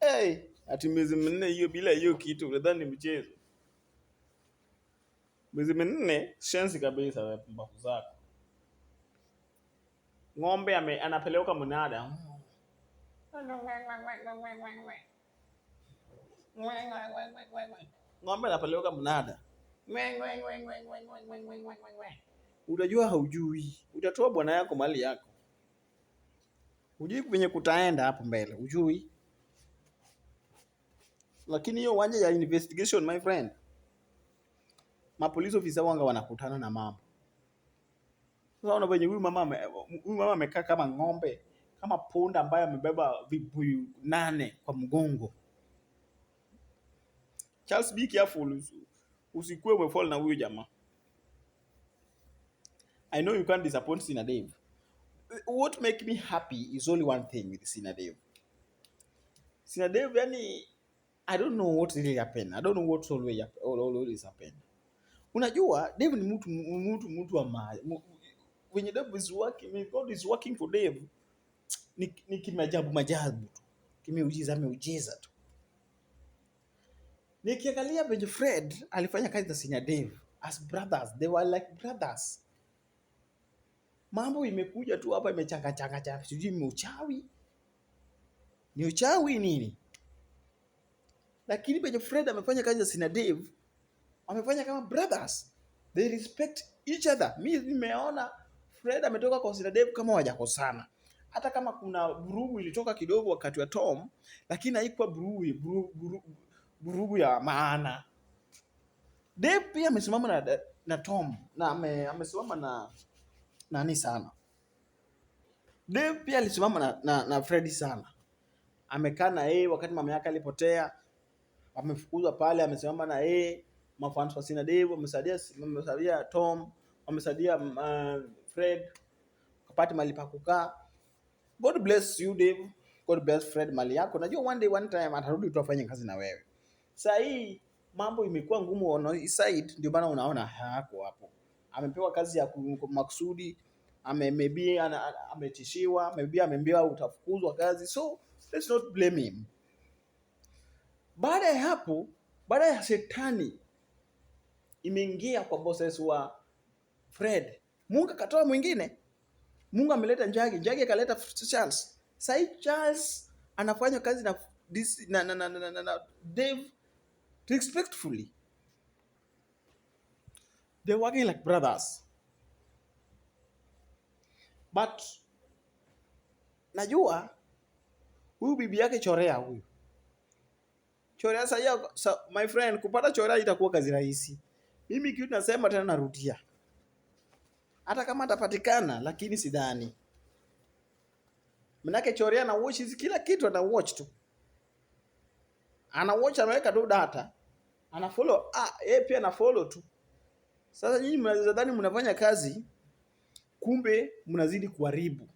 Hey, ati miezi minne hiyo bila hiyo kitu unadhani ni mchezo? Miezi minne shensi kabisa, wewe zako. Ng'ombe ame, anapeleka mnada ng'ombe anapeleuka mnada, utajua haujui, utatoa bwana yako mali yako hujui kwenye kutaenda hapo mbele, hujui. Lakini hiyo wanja ya investigation my friend, mapolisi ofisa wanga wanakutana na mambo sasa. Unaona venye huyu mama huyu mama amekaa kama ng'ombe, kama punda ambaye amebeba vibuyu nane kwa mgongo. Charles, be careful, usikuwe umefall na huyu jamaa. I know you can't disappoint Sina Dave what make me happy is only one thing with Sinadev. Sinadev, yani I don't know what really happened. I don't know what always always happened. Unajua Dev ni mtu mtu mtu wa maana. When Dev is working, when God is working for Dev, ni, ni kimajabu majabu tu. Kimeujiza ameujiza tu. Nikiangalia Benjo Fred alifanya kazi na Sinadev as brothers. They were like brothers mambo imekuja tu hapa imechanga changa, changa sijui ni uchawi, ni uchawi nini. Lakini penye Fred amefanya kazi na Dave amefanya kama brothers, they respect each other. Mimi nimeona Fred ametoka kwa Sina Dave kama wajakosana, hata kama kuna vurugu ilitoka kidogo wakati wa Tom, lakini haikuwa vurugu ya maana. Dave pia amesimama na, na Tom na amesimama na nani sana. Dave pia alisimama na, na, na Freddy sana, amekaa na yeye wakati mama yake alipotea, amefukuzwa pale, amesimama na yeye. Mafans wa Sina Dave wamesaidia, wamesaidia Tom, wamesaidia mm, uh, Fred kapata mali pa kukaa. God bless you Dave, God bless Fred, mali yako. Najua one day one time atarudi tu afanye kazi na wewe. Sasa hii mambo imekuwa ngumu on his side, ndio maana unaona hako hapo amepewa kazi ya makusudi, maybe ametishiwa, maybe ameambiwa utafukuzwa kazi, so let's not blame him. Baada ya hapo, baada ya shetani imeingia kwa bosses wa Fred, Mungu akatoa mwingine. Mungu ameleta Njagi, Njagi akaleta Charles. Sai Charles anafanya kazi na this, na, na, na, na, na, na Dave respectfully They're working like brothers. But najua huyu bibi yake chorea huyu chorea sa, So, my friend, kupata chorea itakuwa kazi rahisi. Mimi kitu nasema tena, narudia, hata kama atapatikana, lakini sidhani, manake chorea na watch hizi kila kitu ana watch tu, ana watch, anaweka tu data, ana follow. Ah, yeye pia ana follow tu. Sasa nyinyi mnadhani mnafanya kazi, kumbe mnazidi kuharibu.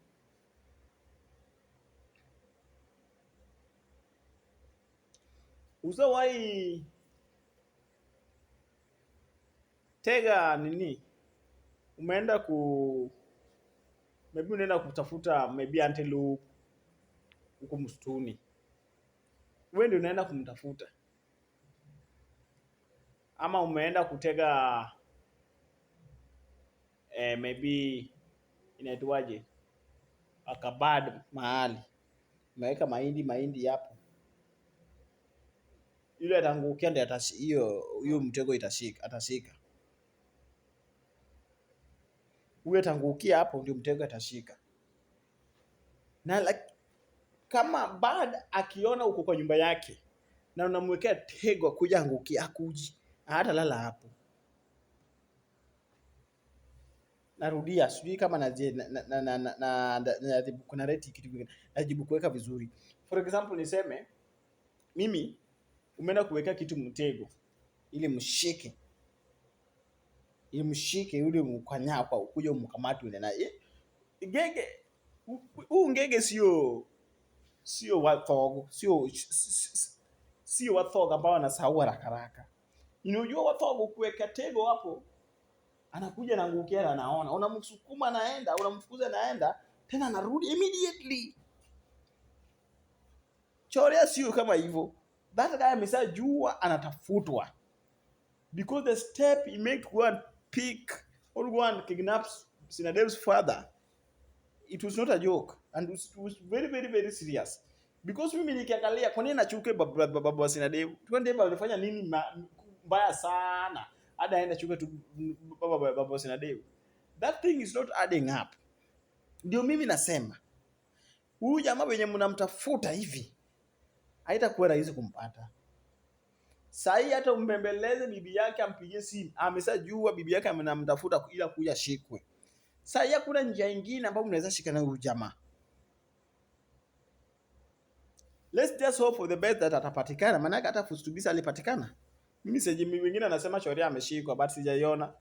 wai tega nini, umeenda ku maybe unaenda kutafuta maybe antelope huko msituni, wewe ndio unaenda kumtafuta, ama umeenda kutega eh, maybe inaitwaje akabad mahali umeweka mahindi mahindi yapo, yule atangukia ndiye hiyo hiyo mtego itashika, atashika huyo atangukia hapo, ndio mtego atashika. Na like, kama bad akiona uko kwa nyumba yake na unamwekea tego kuja angukia, akuji hata lala hapo. narudia, sijui kama najibu kuna rate kitu kingine, najibu kuweka vizuri. For example niseme mimi umeenda kuweka kitu mtego ili mshike ili mshike yule mkanyapa ukuje umkamate yule naye ngege. Huu ngege sio sio wathogo, sio sio wathogo ambao wanasahau haraka haraka. Unajua wathogo kuweka tego hapo anakuja na nguo kiale, anaona unamsukuma, anaenda, unamfukuza, anaenda tena, anarudi immediately. Chorea sio kama hivyo, that guy ameshajua anatafutwa, because the step he made to go and pick or go and kidnap Sinadev's father it was not a joke and it was very very very serious because mimi nikiangalia, kwa nini nachuke baba baba Sinadev? Kwani Sinadev alifanya nini mbaya sana? ada aenda chuka tu baba baba boss na deu, that thing is not adding up. Ndio mimi nasema huyu jamaa wenye mnamtafuta hivi haitakuwa rahisi kumpata. Sahii hata umbembeleze bibi yake, ampigie simu, amesajua bibi yake anamtafuta ila kuja shikwe. Sahii hakuna njia nyingine ambayo mnaweza shikana huyu jamaa. Let's just hope for the best that atapatikana, maanake hata Fustubisa alipatikana. Message mwingine anasema Chorea ameshikwa but sijaiona.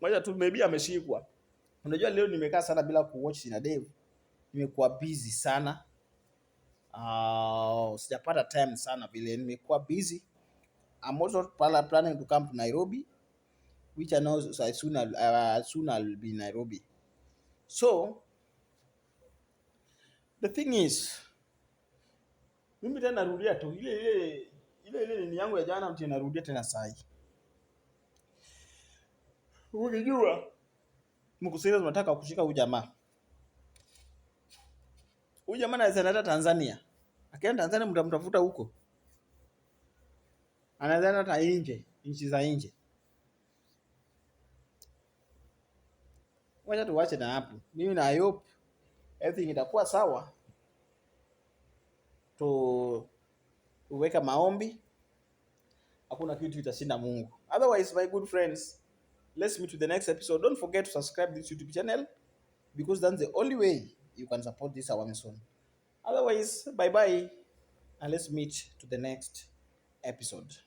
moja tu maybe ameshikwa. Unajua leo nimekaa sana bila kuwatch na Dave, Nimekuwa busy sana. Uh, sijapata time sana vile nimekuwa busy. I'm also planning to come to Nairobi which I know so soon I'll, uh, soon I'll be in Nairobi. So the thing is mimi tena narudia tu ile ile ile ile nini yangu ya jana mtu inarudia tena saa hii. Ukijua mko serious unataka kushika huyu jamaa. Huyu jamaa anaweza nata Tanzania. Akienda Tanzania mtamtafuta huko. Anaweza nata nje, nchi za nje. Wacha tuwache na hapo. Mimi na hope everything itakuwa sawa. To uweka maombi, hakuna kitu itashinda Mungu. Otherwise, my good friends, let's meet to the next episode. Don't forget to subscribe this YouTube channel because that's the only way you can support this our mission. Otherwise, bye bye and let's meet to the next episode.